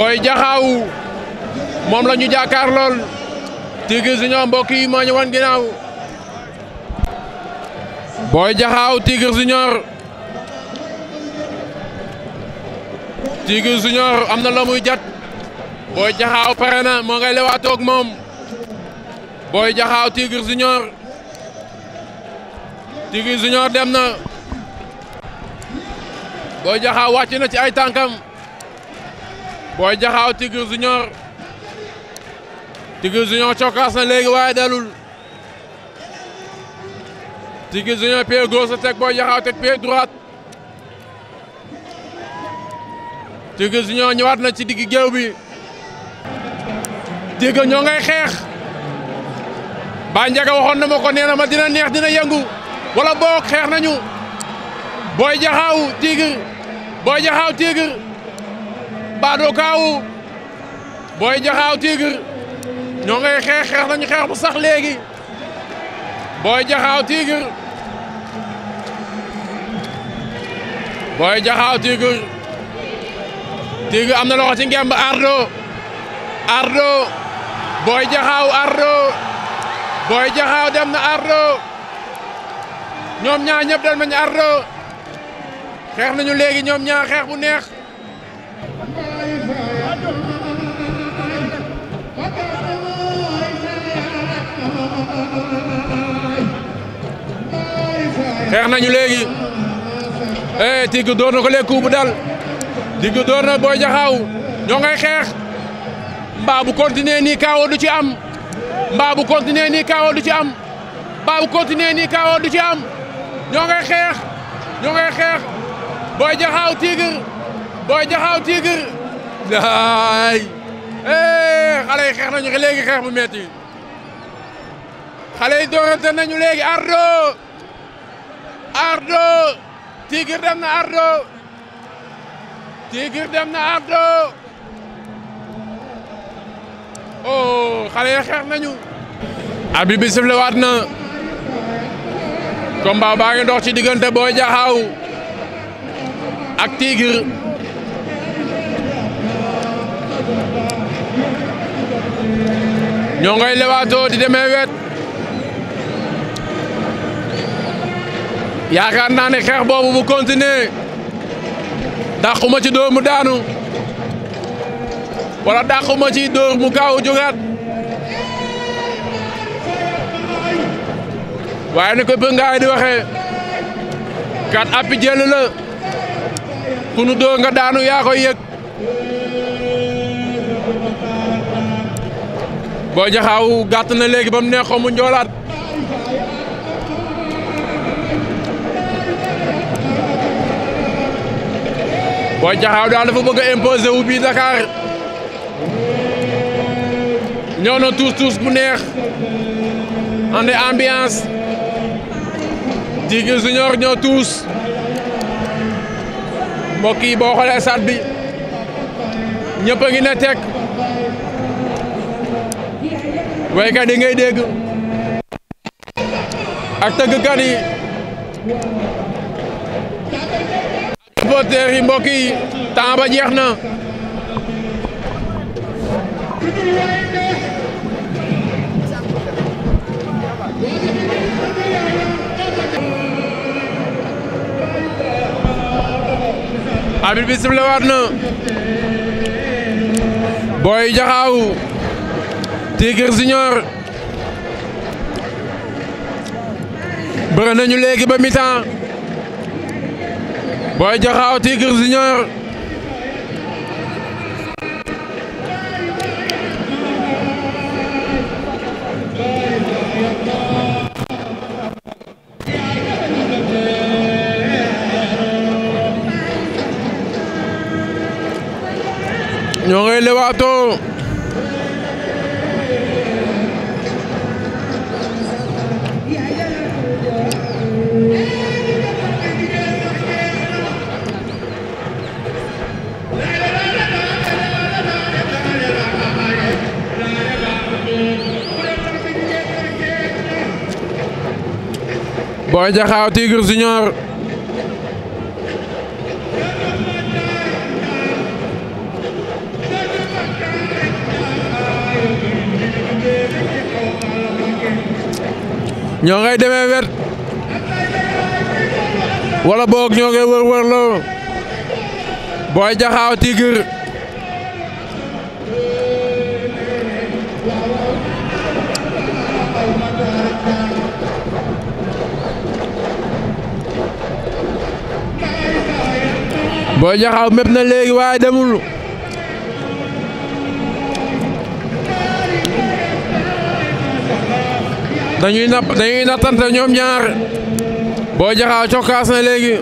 Boy Jaxaaw moom la ñu jàkkaar lool Tigre mbokk yi moo ñu wan ginnaaw Boy Jaxaaw Tigre Junior Tigre Junior am na la muy jat Boy Jaxaaw pare na moo ngay lewaatoo ak moom Boy Jaxaaw Tigre Junior Tigre Junior dem na Boy Jaxaaw wàcc na ci ay tànkam Boy Jaxaaw Tigre Junior Tigre Junior cokaas na léegi waaye dalul Tigre Junior pied gauche teg Boy Jaxaaw teg pied droite Tigre Junior ñëwaat na ci digg géew bi Tigre ñoo ngay xeex Ba Ndiaga waxoon na ma ko nee dina neex dina yëngu wala boog xeex nañu Boy Jaxaaw Tigre Boy Jaxaaw Tigre Bado Kaawu Boy Jaxaaw Tigre ñoo ngay xeex xeex nañu xeex bu sax léegi Boy Jaxaaw Tigre Boy Jaxaaw am na loxo ci ngemb Ardo Ardo Boy Jaxaaw Ardo Boy Jaxaaw dem na Ardo ñoom ñaar ñëpp dem nañu Ardo xeex nañu léegi ñoom ñaar xeex bu neex xeex nañu léegi eh, Tigre door na ko léegi coup bu dal Tigre door na Boy Jaxaaw ñoo ngay xeex mbaa bu continuer nii kaawoo du ci am mbaa bu continuer nii kaaw du ci am mbaa bu continuer nii kaawoo du ci am ñoo ngay xeex ñoo ngay xeex Boy Jaxaaw Tigre Boy Jaxaaw daay eh, xale yi xeex nañu léegi xeex bu metti xale yi doorante nañu léegi ardo Ardo Tigre dem na Ardo Tigre dem na Ardo oh xale yi xeex nañu. arbitre bi sifflé waat na combat baa ngi dox ci diggante Boy Diakhao ak Tigre ñoo ngay lewaatoo di demee wet. yaakaar naa ne xeex boobu bu continuer dàquma ci dóor mu daanu wala dàquma ci dóor mu gaaw a jógaat waaye ni ko bëngaay di waxe kat appi jël la ku nu dóor nga daanu yaa koy yëg boo jaxaaw gàtt na léegi ba mu neexoo mu njoolaat Boy Diakhao daal dafa bëgg a imposer wu bii Dakar ñëw na tuus tuus bu neex ande ambiance Diguy Junior ñoo tuus mbokk yi boo xoolee sat bi ñëppa a ngi ne teg waykat yi ngay dégg ak tëggkat yi amateurs yi mbokk yi ba jeex na arbitre bi sifflé waat na Boy Diakhao Tigre Junior bëre nañu ba mi-temps Boy Diakhao Tigre Junior Boy Diakhao Tigre Junior ñoo ngay demee wet wala boog ñoo ngay wër wër la Boy Diakhao Tigre Boy Diakhao mépp na léegi waaye demul dañuy napp dañuy nattante ñoom ñaar Boy Diakhao cokkaas na léegi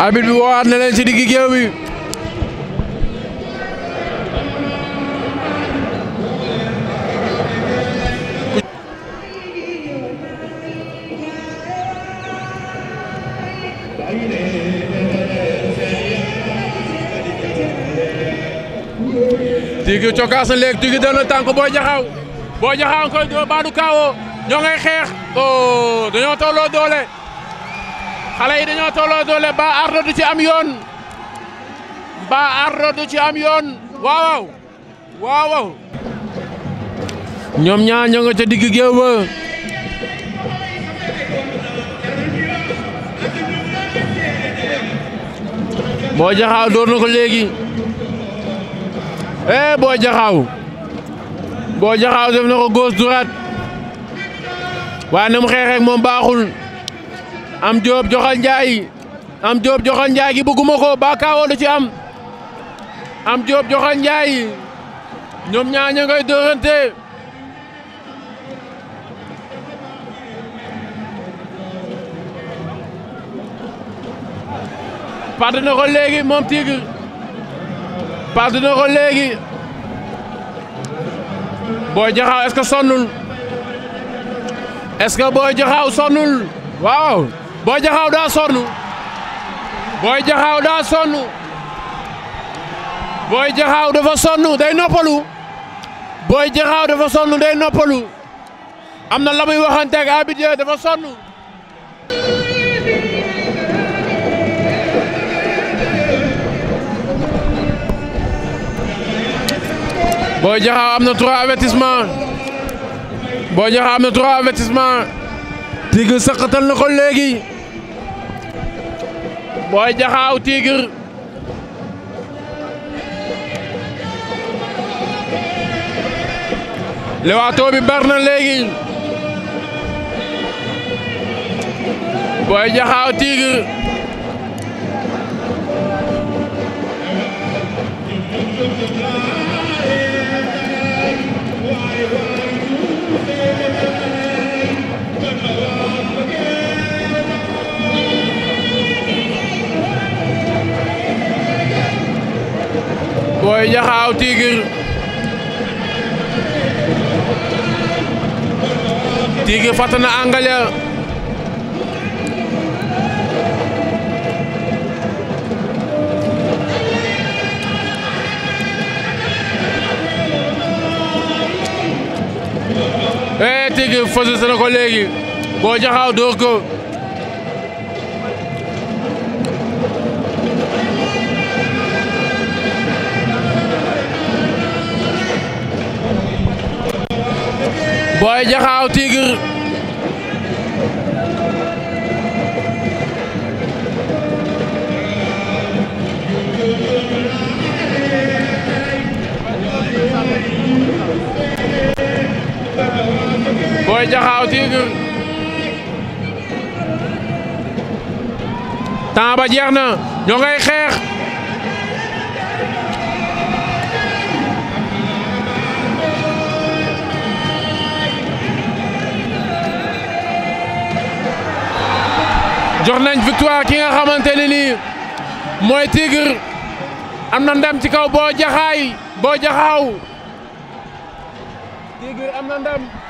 arbitre bi woowaat na leen ci diggi géew bi Tigui cokaas na léegi Tigui dal na tànk Boy Diakhao Boy Diakhao koy doo baadu kaawoo ñoo ngay xeex oh dañoo tolloo doole xale yi dañoo tolloo doole ba ardo du ci am yoon ba ardo du ci am yoon waaw ñoom ñaar ñoo nga ca digg géew ba Boy Diakhao door léegi eh Boy Diakhao Boy Diakhao def góos duraat waaye na mu xeexeek moom baaxul am Diop joxal Ndiaye am Diop joxal Ndiaye gi bëgguma ko ba kaawoo ci am am Diop joxal njaay ñoom ñaar ña ngay dóorante pàdd léegi moom Tigre passe ko léegi Boy Jaxaaw est-ce que sonnul est-ce que Boy Jaxaaw sonnul waaw Boy Jaxaaw daa sonn Boy Jaxaaw daa sonn Boy Jaxaaw dafa sonn day noppalu Boy Jaxaaw dafa sonn day noppalu am na la muy waxante ak Abidjan dafa sonnu Boy Diakhao am na trois avertissement Boy Diakhao am na trois avertissement saqatal na ko léegi Boy Diakhao Tigre lewaatoo bi bar na léegi Boy Diakhao Tigre Boy Diakhao Tigre Tigre fatt na ee eh, Tigre fësës ko léegi Boy Diakhao dóor ko Boy Jaxaaw Tigre Boy Jaxaaw Tigre temps ba jeex na ñoo ngay xeex jox nañ victoire ki nga xamante ne nii mooy Tigre am na ndam ci kaw Boy boo Boy Diakhao Tigre am na ndam.